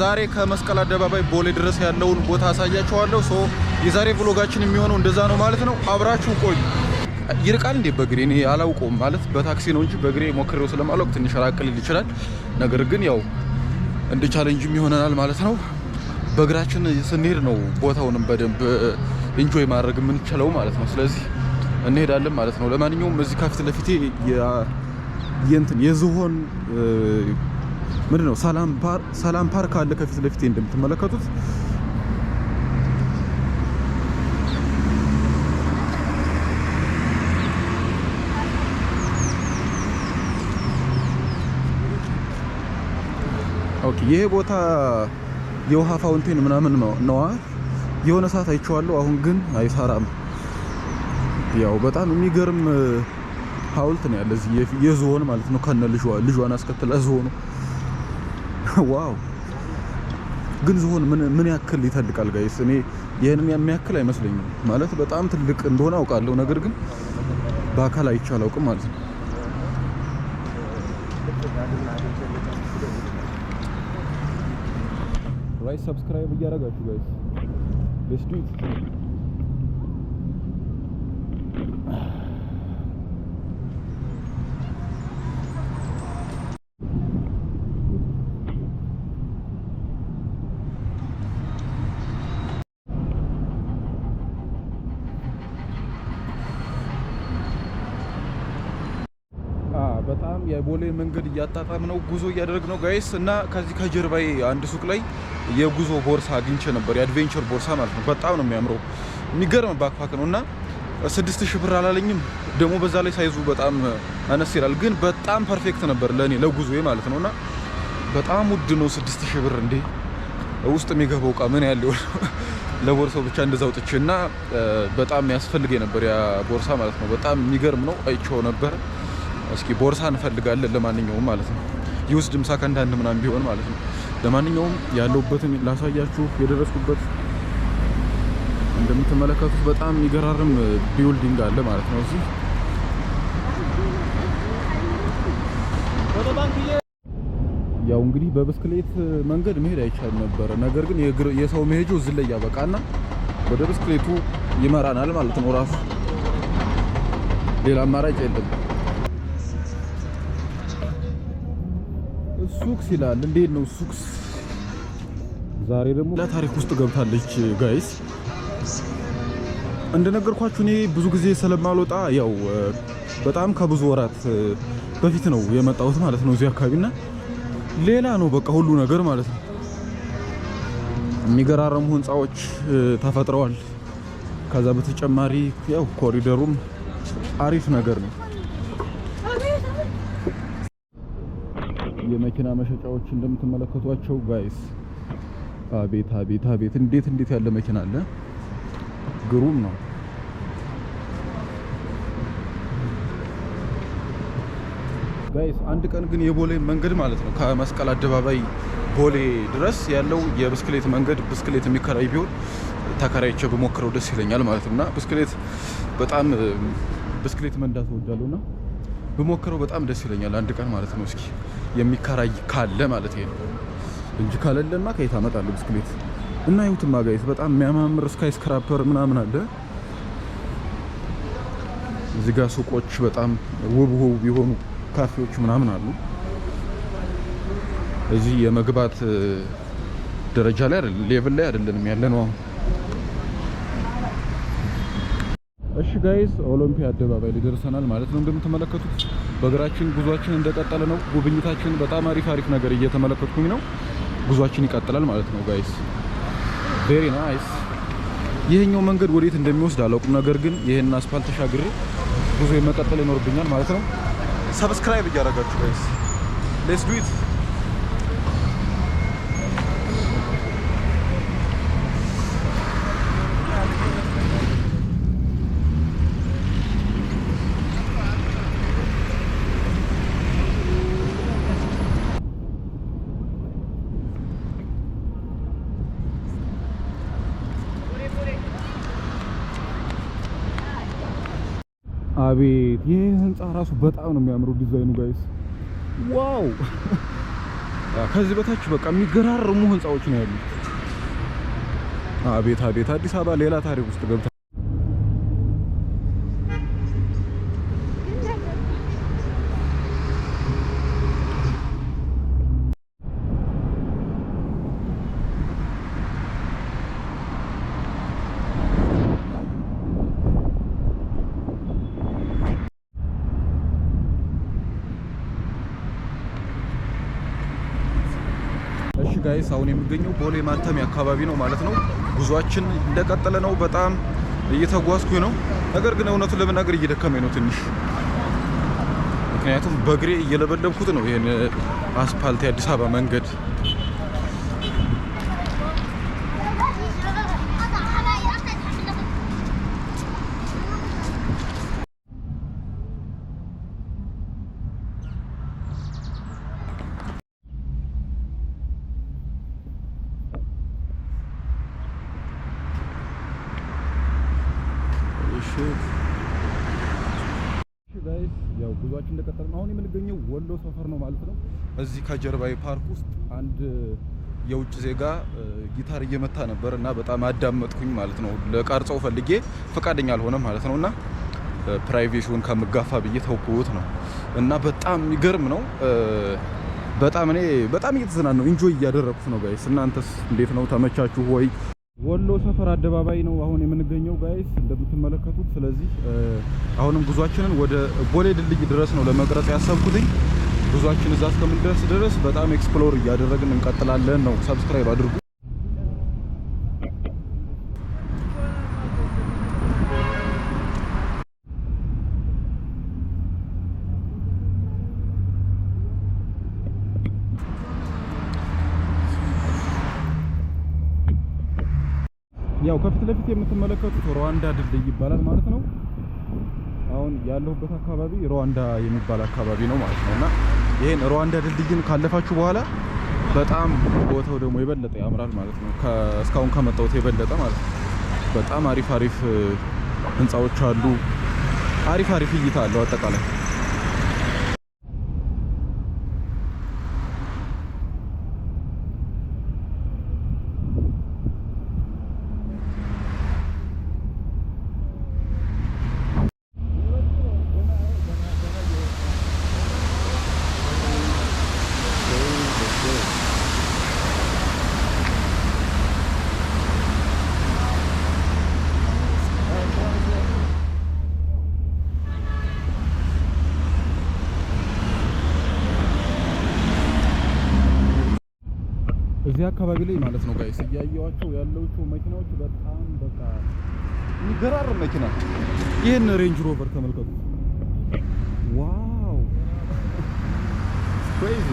ዛሬ ከመስቀል አደባባይ ቦሌ ድረስ ያለውን ቦታ አሳያችኋለሁ። ሶ የዛሬ ብሎጋችን የሚሆነው እንደዛ ነው ማለት ነው። አብራችሁ ቆዩ። ይርቃል እንዴ? በግሬ? እኔ አላውቀውም ማለት በታክሲ ነው እንጂ በግሬ ሞክሬው ስለማላውቅ ትንሽ ራቅ ይችላል። ነገር ግን ያው እንደ ቻሌንጅም ይሆነናል ማለት ነው። በእግራችን ስንሄድ ነው ቦታውንም በደንብ ኢንጆይ ማድረግ የምንችለው ማለት ነው። ስለዚህ እንሄዳለን ማለት ነው። ለማንኛውም እዚህ ከፊት ለፊቴ የእንትን የዝሆን ምንድን ነው ሰላም ፓርክ አለ ከፊት ለፊቴ እንደምትመለከቱት ኦኬ ይሄ ቦታ የውሃ ፋውንቴን ምናምን ነዋ። የሆነ ሰዓት አይቼዋለሁ። አሁን ግን አይሰራም። ያው በጣም የሚገርም ሀውልት ነው ያለ እዚህ የዝሆን ማለት ነው ከነ ልጇ ልጇን አስከትላ ዝሆኑ ዋው ግን ዝሆን ምን ያክል ይተልቃል ጋይስ? እኔ ይህንን የሚያክል አይመስለኝም። ማለት በጣም ትልቅ እንደሆነ አውቃለሁ፣ ነገር ግን በአካል አይቼ አላውቅም ማለት ነው። ራይት ሰብስክራይብ እያደረጋችሁ ጋይስ የቦሌ መንገድ እያጣጣም ነው ጉዞ እያደረግ ነው ጋይስ። እና ከዚህ ከጀርባዬ አንድ ሱቅ ላይ የጉዞ ቦርሳ አግኝቼ ነበር፣ የአድቬንቸር ቦርሳ ማለት ነው። በጣም ነው የሚያምረው፣ የሚገርም ባክፓክ ነው እና ስድስት ሺህ ብር አላለኝም። ደግሞ በዛ ላይ ሳይዙ በጣም አነስ ይላል፣ ግን በጣም ፐርፌክት ነበር ለእኔ ለጉዞ ማለት ነው። እና በጣም ውድ ነው ስድስት ሺህ ብር እንዴ! ውስጥ የሚገባው እቃ ምን ያለው ለቦርሳው ብቻ እንደዛ አውጥቼ እና በጣም ያስፈልገ ነበር ያ ቦርሳ ማለት ነው። በጣም የሚገርም ነው። አይቼው ነበር እስኪ ቦርሳ እንፈልጋለን ለማንኛውም ማለት ነው ዩዝ ድምሳ ከንዳንድ ምናምን ቢሆን ማለት ነው። ለማንኛውም ያለውበትን ላሳያችሁ የደረስኩበት እንደምትመለከቱት በጣም የሚገራርም ቢውልዲንግ አለ ማለት ነው እዚህ ያው እንግዲህ በብስክሌት መንገድ መሄድ አይቻል ነበረ። ነገር ግን የሰው መሄጃው እዚህ ላይ ያበቃና ወደ ብስክሌቱ ይመራናል ማለት ነው። ራሱ ሌላ አማራጭ የለም። ሱክስ ይላል። እንዴት ነው ሱክስ? ዛሬ ደግሞ ለታሪክ ውስጥ ገብታለች ጋይስ። እንደነገርኳችሁ እኔ ብዙ ጊዜ ስለማልወጣ ያው በጣም ከብዙ ወራት በፊት ነው የመጣሁት ማለት ነው እዚህ አካባቢ እና ሌላ ነው በቃ ሁሉ ነገር ማለት ነው። የሚገራረሙ ህንፃዎች ተፈጥረዋል። ከዛ በተጨማሪ ያው ኮሪደሩም አሪፍ ነገር ነው። የመኪና መሸጫዎች እንደምትመለከቷቸው ጋይስ፣ አቤት አቤት አቤት! እንዴት እንዴት ያለ መኪና አለ! ግሩም ነው። ጋይስ አንድ ቀን ግን የቦሌ መንገድ ማለት ነው ከመስቀል አደባባይ ቦሌ ድረስ ያለው የብስክሌት መንገድ ብስክሌት የሚከራይ ቢሆን ተከራይቼ ብሞክረው ደስ ይለኛል ማለት ነው። እና ብስክሌት በጣም ብስክሌት መንዳት እወዳለሁ እና ብሞክረው በጣም ደስ ይለኛል አንድ ቀን ማለት ነው። እስኪ የሚከራይ ካለ ማለት ይሄ ነው እንጂ ካለለማ ከየት አመጣለሁ ብስክሌት እና ይሁት ማጋይስ በጣም የሚያማምር ስካይ ስክራፐር ምናምን አለ እዚህ ጋር ሱቆች በጣም ውብ ውብ የሆኑ ካፌዎች ምናምን አሉ። እዚህ የመግባት ደረጃ ላይ አይደለም ሌቭል ላይ አይደለንም ያለነው አሁን እሺ ጋይስ ኦሎምፒያ አደባባይ ሊደርሰናል ደርሰናል ማለት ነው። እንደምትመለከቱት በእግራችን ጉዟችን እንደቀጠለ ነው። ጉብኝታችን በጣም አሪፍ አሪፍ ነገር እየተመለከትኩኝ ነው። ጉዟችን ይቀጥላል ማለት ነው ጋይስ። ቬሪ ናይስ። ይህኛው መንገድ ወዴት እንደሚወስድ አላውቅም፣ ነገር ግን ይህን አስፋልት ተሻግሬ ጉዞ መቀጠል ይኖርብኛል ማለት ነው። ሰብስክራይብ እያደረጋችሁ ጋይስ ሌትስ ዱ ኢት አቤት ይሄ ህንፃ ራሱ በጣም ነው የሚያምሩ ዲዛይኑ ጋይስ ዋው ከዚህ በታች በቃ የሚገራርሙ ህንፃዎች ነው ያሉት አቤት አቤት አዲስ አበባ ሌላ ታሪክ ውስጥ ገብታ ጋይስ አሁን የሚገኘው ቦሌ ማተሚያ አካባቢ ነው ማለት ነው። ጉዟችን እንደቀጠለ ነው። በጣም እየተጓዝኩኝ ነው። ነገር ግን እውነቱን ለመናገር እየደከመኝ ነው ትንሽ፣ ምክንያቱም በእግሬ እየለበለብኩት ነው ይህን አስፓልት የአዲስ አበባ መንገድ አሁን የምንገኘው ወሎ ሰፈር ነው ማለት ነው። እዚህ ከጀርባዊ ፓርክ ውስጥ አንድ የውጭ ዜጋ ጊታር እየመታ ነበር እና በጣም አዳመጥኩኝ ማለት ነው። ለቀርጸው ፈልጌ ፈቃደኛ አልሆነ ማለት ነው እና ከመጋፋ ከምጋፋ ብዬ ተውኩት ነው እና በጣም የሚገርም ነው። በጣም እኔ በጣም እየተዝናን ነው ኢንጆይ እያደረኩት ነው ጋይስ። እናንተስ እንዴት ነው? ተመቻችሁ ወይ? ወሎ ሰፈር አደባባይ ነው አሁን የምንገኘው ጋይስ እንደምትመለከቱት። ስለዚህ አሁንም ጉዟችንን ወደ ቦሌ ድልድይ ድረስ ነው ለመቅረጽ ያሰብኩትኝ። ጉዟችን እዛ እስከምንደርስ ድረስ በጣም ኤክስፕሎር እያደረግን እንቀጥላለን ነው። ሰብስክራይብ አድርጉ። ያው ከፊት ለፊት የምትመለከቱት ሩዋንዳ ድልድይ ይባላል ማለት ነው። አሁን ያለሁበት አካባቢ ሩዋንዳ የሚባል አካባቢ ነው ማለት ነው። እና ይሄን ሩዋንዳ ድልድይን ካለፋችሁ በኋላ በጣም ቦታው ደግሞ የበለጠ ያምራል ማለት ነው። እስካሁን ከመጣሁት የበለጠ ማለት ነው። በጣም አሪፍ አሪፍ ህንፃዎች አሉ። አሪፍ አሪፍ እይታ አለው አጠቃላይ አካባቢ ላይ ማለት ነው ጋይስ እያየኋቸው ያለውቹ መኪናዎች በጣም በቃ የሚገራርም መኪና። ይህን ሬንጅ ሮቨር ተመልከቱ። ዋው ክሬዚ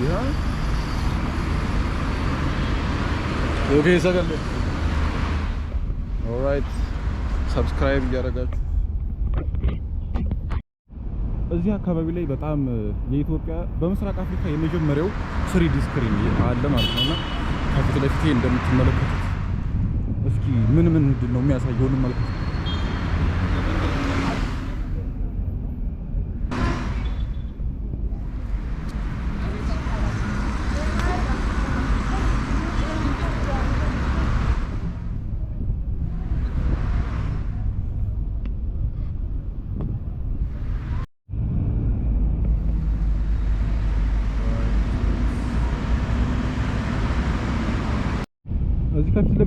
ኦኬ ሰገለ ኦራይት ሰብስክራይብ እያደረጋችሁ እዚህ አካባቢ ላይ በጣም የኢትዮጵያ በምስራቅ አፍሪካ የመጀመሪያው ስሪዲ ስክሪን አለ ማለት ነውና ከፊት ለፊቴ እንደምትመለከቱት እስኪ ምን ምን ምንድን ነው የሚያሳየውን መልክት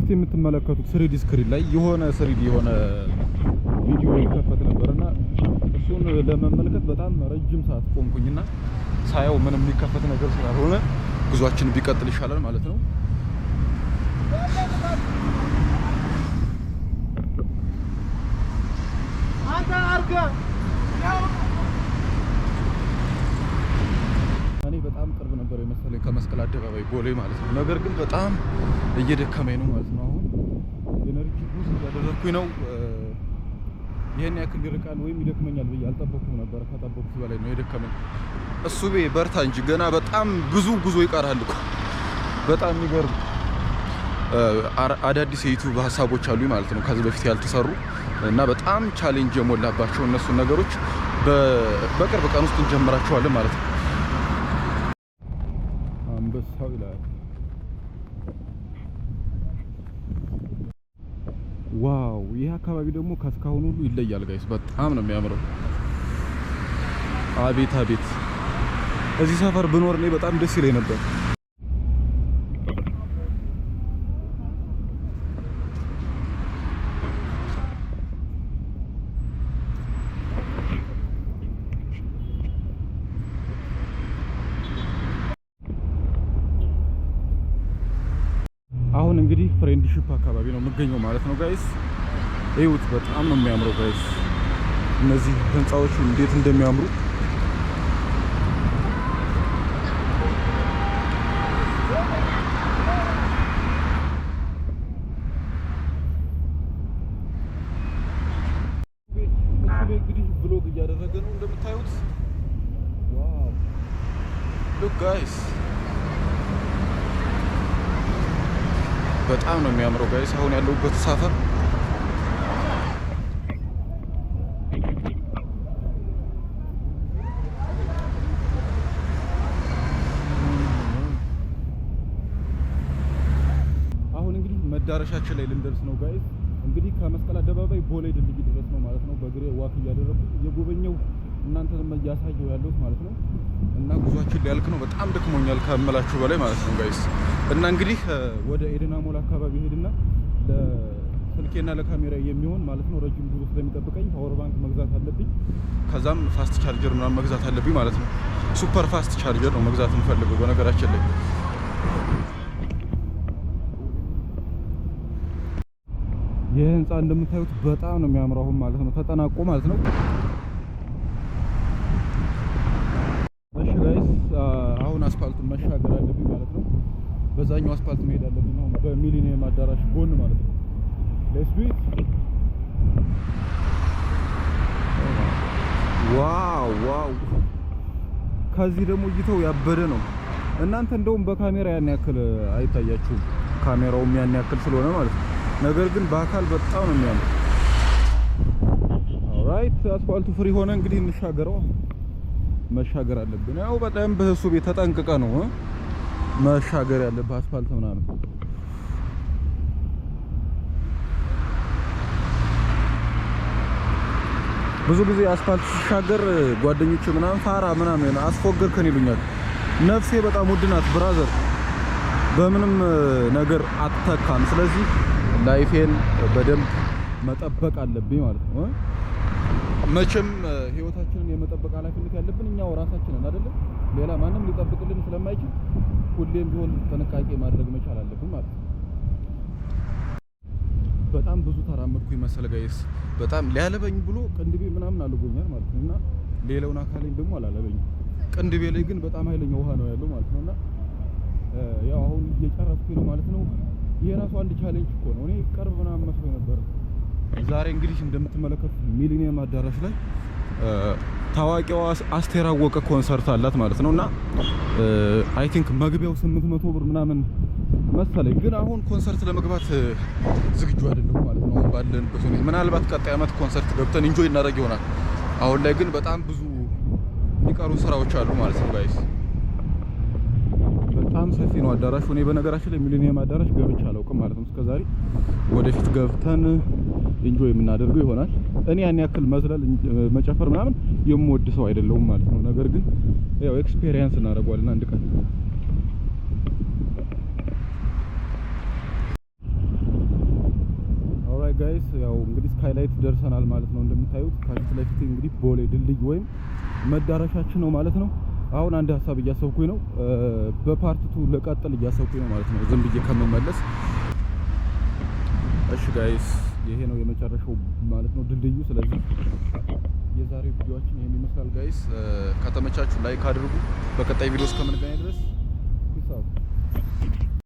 ፊት የምትመለከቱት ስሪዲ ስክሪን ላይ የሆነ ስሪዲ የሆነ ቪዲዮ ይከፈት ነበርና እሱን ለመመልከት በጣም ረጅም ሰዓት ቆምኩኝና ሳያው ምንም የሚከፈት ነገር ስላልሆነ ጉዟችን ቢቀጥል ይሻላል ማለት ነው። አንተ አርጋ በተለይ ከመስቀል አደባባይ ቦሌ ማለት ነው። ነገር ግን በጣም እየደከመኝ ነው ማለት ነው። አሁን ኤነርጂ ቡስ እያደረግኩኝ ነው። ይህን ያክል ይርቃል ወይም ይደክመኛል ብዬ አልጠበኩም ነበር። ከጠበኩት በላይ ነው የደከመኝ። እሱ ቤ በርታ እንጂ ገና በጣም ብዙ ጉዞ ይቀራል እኮ። በጣም የሚገርም አዳዲስ የዩቲዩብ ሀሳቦች አሉኝ ማለት ነው ከዚህ በፊት ያልተሰሩ እና በጣም ቻሌንጅ የሞላባቸው እነሱን ነገሮች በቅርብ ቀን ውስጥ እንጀምራቸዋለን ማለት ነው። Taula. ዋው! ይህ አካባቢ ደግሞ ከስካሁን ሁሉ ይለያል ጋይስ፣ በጣም ነው የሚያምረው። አቤት አቤት! እዚህ ሰፈር ብኖር እኔ በጣም ደስ ይለኝ ነበር። አሁን እንግዲህ ፍሬንድሺፕ አካባቢ ነው የምገኘው ማለት ነው ጋይስ። እዩት፣ በጣም ነው የሚያምረው ጋይስ። እነዚህ ህንፃዎች እንዴት እንደሚያምሩ እንግዲህ ብሎግ እያደረገ ነው እንደምታዩት። ጋይስ በጣም ነው የሚያምረው ጋይስ። አሁን ያለሁበት ሰፈር አሁን እንግዲህ መዳረሻችን ላይ ልንደርስ ነው ጋይስ። እንግዲህ ከመስቀል አደባባይ ቦሌ ድልድይ ድረስ ነው ማለት ነው። በእግሬ ዋክ እያደረኩ የጎበኘው እናንተንም እያሳየው ያለሁት ማለት ነው። እና ጉዟችን ሊያልቅ ነው። በጣም ደክሞኛል ከምላችሁ በላይ ማለት ነው ጋይስ። እና እንግዲህ ወደ ኤደና ሞል አካባቢ ሄድና ለስልኬና ለካሜራ የሚሆን ማለት ነው ረጅም ጉዞ ስለሚጠብቀኝ ፓወር ባንክ መግዛት አለብኝ። ከዛም ፋስት ቻርጀር ምናምን መግዛት አለብኝ ማለት ነው። ሱፐር ፋስት ቻርጀር ነው መግዛት የምፈልገው በነገራችን ላይ ይህ ህንፃ እንደምታዩት በጣም ነው የሚያምረው ማለት ነው። ተጠናቆ ማለት ነው። በዛኛው አስፓልት መሄድ አለብኝ ነው፣ በሚሊኒየም አዳራሽ ጎን ማለት ነው። ሌትስ ዱ ኢት። ዋው ዋው! ከዚህ ደግሞ እይታው ያበደ ነው። እናንተ እንደውም በካሜራ ያን ያክል አይታያችሁም፣ ካሜራውም ያን ያክል ስለሆነ ማለት ነው። ነገር ግን በአካል በጣም ነው የሚያምር። ኦልራይት አስፋልቱ ፍሪ ሆነ እንግዲህ እንሻገረው፣ መሻገር አለብን። ያው በጣም በሱ ቤት ተጠንቅቀ ነው መሻገር ያለበት አስፋልት ምናምን ብዙ ጊዜ አስፋልት ሲሻገር ጓደኞች ምናምን ፋራ ምናምን አስፎገርከን ይሉኛል። ነፍሴ በጣም ውድ ናት ብራዘር፣ በምንም ነገር አትተካም። ስለዚህ ላይፌን በደንብ መጠበቅ አለብኝ ማለት ነው። መቼም ህይወታችንን የመጠበቅ ኃላፊነት ያለብን እኛው ራሳችንን አይደለም። ሌላ ማንም ሊጠብቅልን ስለማይችል ሁሌም ቢሆን ጥንቃቄ ማድረግ መቻል አለብን ማለት ነው። በጣም ብዙ ተራመድኩ ይመስል ጋይስ፣ በጣም ሊያለበኝ ብሎ ቅንድቤ ምናምን አልጎኛል ማለት ነው እና ሌላውን አካሌን ደግሞ አላለበኝ። ቅንድቤ ላይ ግን በጣም ኃይለኛ ውሃ ነው ያለው ማለት ነው እና ያው አሁን እየጨረስኩ ነው ማለት ነው። ይሄ ራሱ አንድ ቻሌንጅ እኮ ነው። እኔ ቅርብ ምናምን መስሎ ነበር። ዛሬ እንግዲህ እንደምትመለከቱት ሚሊኒየም አዳራሽ ላይ ታዋቂዋ አስቴር አወቀ ኮንሰርት አላት ማለት ነውና አይ ቲንክ መግቢያው 800 ብር ምናምን መሰለኝ። ግን አሁን ኮንሰርት ለመግባት ዝግጁ አይደለም ማለት ነው። ባለንበት ሁኔታ ምናልባት ቀጣይ አመት ኮንሰርት ገብተን ኢንጆይ እናደርግ ይሆናል። አሁን ላይ ግን በጣም ብዙ የሚቀሩ ስራዎች አሉ ማለት ነው ጋይስ። በጣም ሰፊ ነው አዳራሹ። እኔ በነገራችን ላይ ሚሊኒየም አዳራሽ ገብቼ አላውቅም ማለት ነው እስከዛሬ። ወደፊት ገብተን ኢንጆይ የምናደርገው ይሆናል። እኔ ያን ያክል መዝለል፣ መጨፈር ምናምን የምወድ ሰው አይደለሁም ማለት ነው። ነገር ግን ያው ኤክስፔሪየንስ እናደርገዋለን አንድ ቀን። ጋይስ፣ ያው እንግዲህ ስካይላይት ደርሰናል ማለት ነው። እንደምታዩት ከፊት ለፊት እንግዲህ ቦሌ ድልድይ ወይም መዳረሻችን ነው ማለት ነው። አሁን አንድ ሀሳብ እያሰብኩኝ ነው። በፓርቲቱ ልቀጥል እያሰብኩኝ ነው ማለት ነው፣ ዝም ብዬ ከመመለስ። እሺ ጋይስ ይሄ ነው የመጨረሻው ማለት ነው ድልድዩ። ስለዚህ የዛሬ ቪዲዮአችን ይሄን ይመስላል ጋይስ። ከተመቻችሁ ላይክ አድርጉ። በቀጣይ ቪዲዮ እስከምንገናኝ ድረስ ፒስ አውት።